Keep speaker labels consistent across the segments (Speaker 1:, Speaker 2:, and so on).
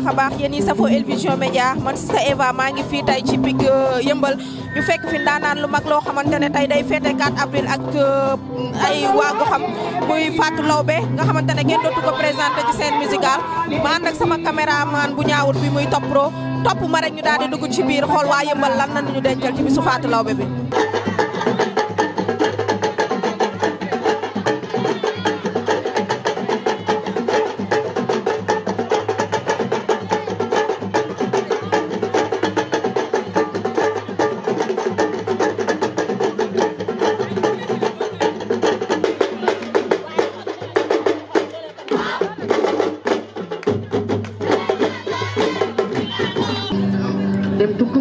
Speaker 1: baax a baax yéen ñi safoo El Vision Média man Sista Eva maa ngi fii tey ci big euh, yëmbal ñu fekk fi ndaanaan lu mag loo xamante ne tey day feete 4 avril ak euh, ay waa gu xam muy Fatou Laobé nga xamante ne kenn dootu ko présenté ci scène musicale ma ànd ak sama caméraman bu ñaawul bi muy topp pro topp ma rek ñu daal dugg ci biir xool waa yëmbal lan la ñu dencal ci bisu Fatou Laobé bi دکھ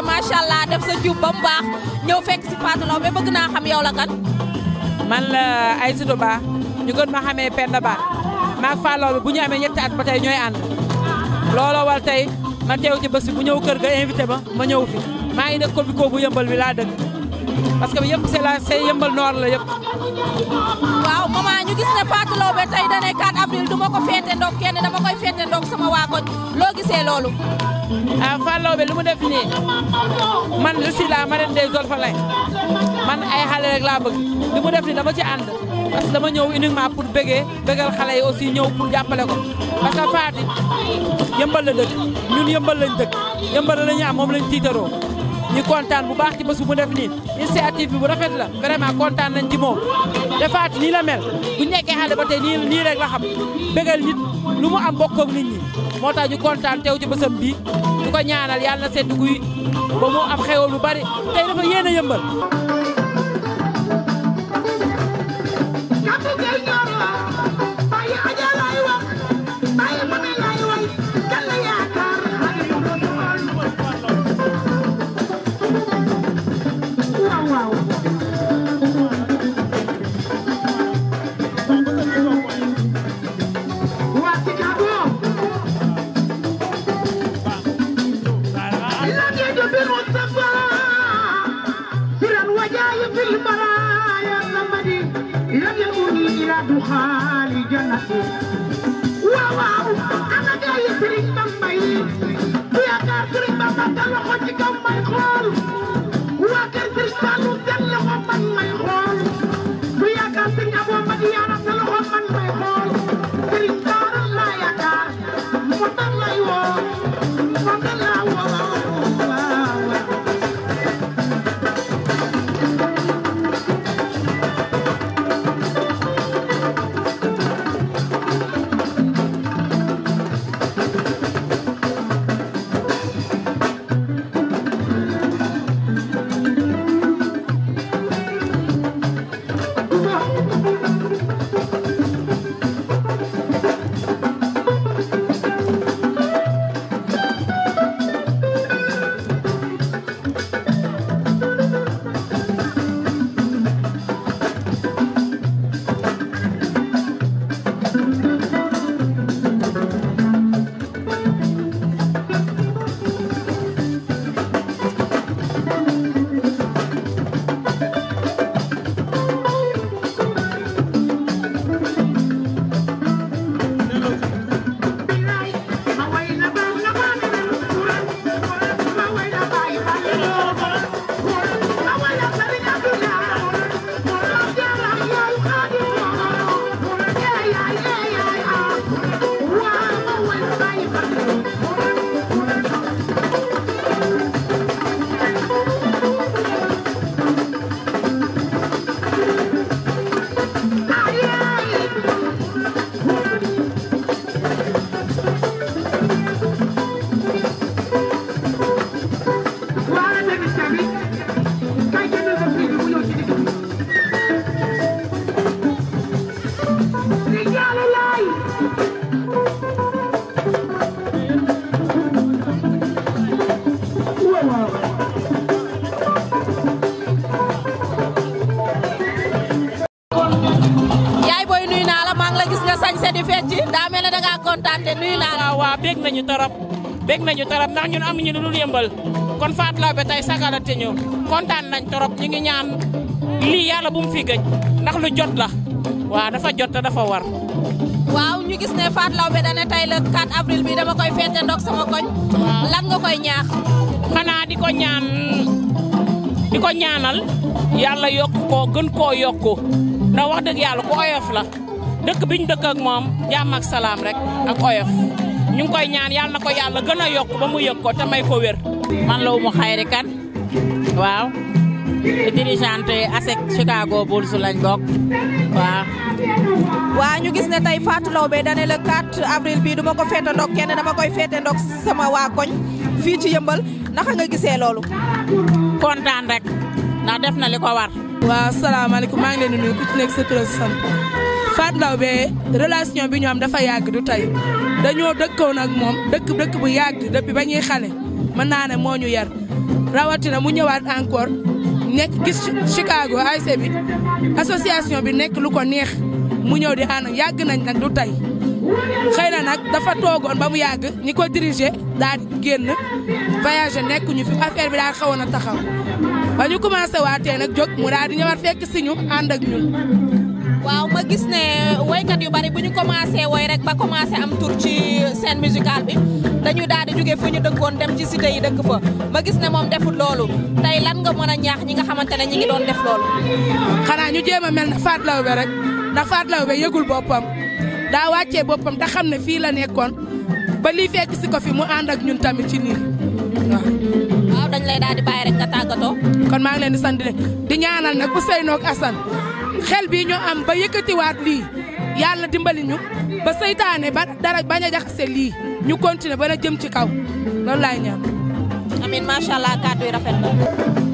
Speaker 1: rafet macha allah def sa jub ba mu ñëw fekk si Fatou Laobé bëgg naa xam la kan. man la Aïssatou Ba ñu gën ma xamee
Speaker 2: Penda Ba maag Fatou Laobé bu ñu amee ñetti at ba tey ñooy ànd looloo wal tey ma teew ci bés bi bu ñëw kër ga invité ma ma ñëw fi maa ngi nekk comico bu yëmbal bi laa dëkk parce que yëpp c'est la c'est yëmbal noor la yëpp.
Speaker 1: waaw maman ñu gis ne Fatou Laobé tey da ne 4 avril du ma ko féete ndoog kenn dama koy féete ndoog sama waa koñ loo gisee loolu.
Speaker 2: ah Fallawbe lu def nii man je suis la marraine des orphelins man ay xale rek laa bëgg li def nii dama ci ànd parce que dama ñëw uniquement pour begee bëggal xale yi aussi ñëw pour jàppale ko parce que Fatick yëmbal la dëkk ñun yëmbal lañ dëkk yëmbal la ñu am moom lañ tiitaroo. ñu kontaan bu baax ci bés bu mu def nii initiative bi bu rafet la vraiment kontaan nañ ci moom defaat nii la mel bu ñu nekkee xale ba tey nii nii rek la xam bégal nit lu mu am bokk ak nit ñi moo tax ñu kontaan teew ci bésam bii du ko ñaanal yàlla na sedd guy ba mu am xewal bu bari tey dafa yéen a yëmbal
Speaker 3: waa Serigne Bamba tàllal loxo ci kaw may xool waa kër Serigne Fallou tàllal loxo man may xool
Speaker 1: fecc bég nañu torop bég nañu
Speaker 2: torop ndax ñun amuñu lu dul yëmbal kon Fatou Laobé tey sagalate ñu kontaan nañ torop ñu ngi ñaan lii yàlla bu mu fi gëj ndax lu jot la waaw dafa jot te dafa war.
Speaker 1: waaw ñu gis ne Fatou Laobé da ne tey le 4 avril bi dama koy féete ndox sama koñ. lan nga koy ñaax. xanaa di ko ñaan di ko ñaanal
Speaker 2: yàlla yokk ko gën koo yokk ndax wax dëgg yàlla ku oyof la. dëkk bi ñu dëkk ak moom jàmm ak salaam rek ak oyof ñu ngi koy ñaan yàlla na ko yàlla gën a yokk ba mu yëg ko te may ko wér. man la Oumou Khayri Kane waaw
Speaker 1: dirigeante ASEC Chicago Bulls lañ bokk waaw. waa ñu gis ne tay Fatou Laobé dane le 4 bii du ma ko féete ndoog kenn dama koy feete ndoog sama waa koñ
Speaker 4: fii ci yëmbal naka nga gisee kontaan rek ndax def na li ko war. waaw salaamaaleykum maa ngi leen di ku ci nekk sa tur Fatou Laobé relation bi ñu dafa yàgg du tey dañoo dëkkoon ak moom dëkk dëkk bu yàgg depuis ba ñuy xale mën naa ne moo ñu yar rawatina mu ñëwaat encore nekk gis Chicago ASC bi association bi nekk lu ko neex mu ñëw di ànd yàgg nañ nag du tay xëy na nag dafa toogoon ba mu yàgg ñi ko diriger daal génn voyager nekkuñu fi affaire bi daal xawoon a taxaw ba ñu commencé waatee nag jóg mu daal di fekk si ñu ànd ak ñun. waaw ma gis ne woykat yu
Speaker 1: bari bu ñu commencé woy rek ba commencé am tur ci scène musicale bi dañu daal di jóge fu ñu dëkkoon dem ci cité dëkk fa ma gis ne moom deful loolu tey lan nga mën a ñaax ñi nga xamante ne ñi ngi
Speaker 4: doon def loolu. xanaa ñu jéem a mel na Fatou Laobé rek ndax Fatou yëgul boppam daa wàccee boppam te xam ne fii la nekkoon ba lii si ko fi mu ànd ak ñun tamit ci nii waaw. waaw dañ lay daal di bàyyi rek nga kon maa leen di sant di ñaanal nag xel bii ñu am ba yëkkatiwaat lii yàlla dimbali ñu ba seytaane ba dara bañ a jaxase lii ñu continuer ba na jëm ci kaw loolu laay ñaan. amiin macha allah kàddu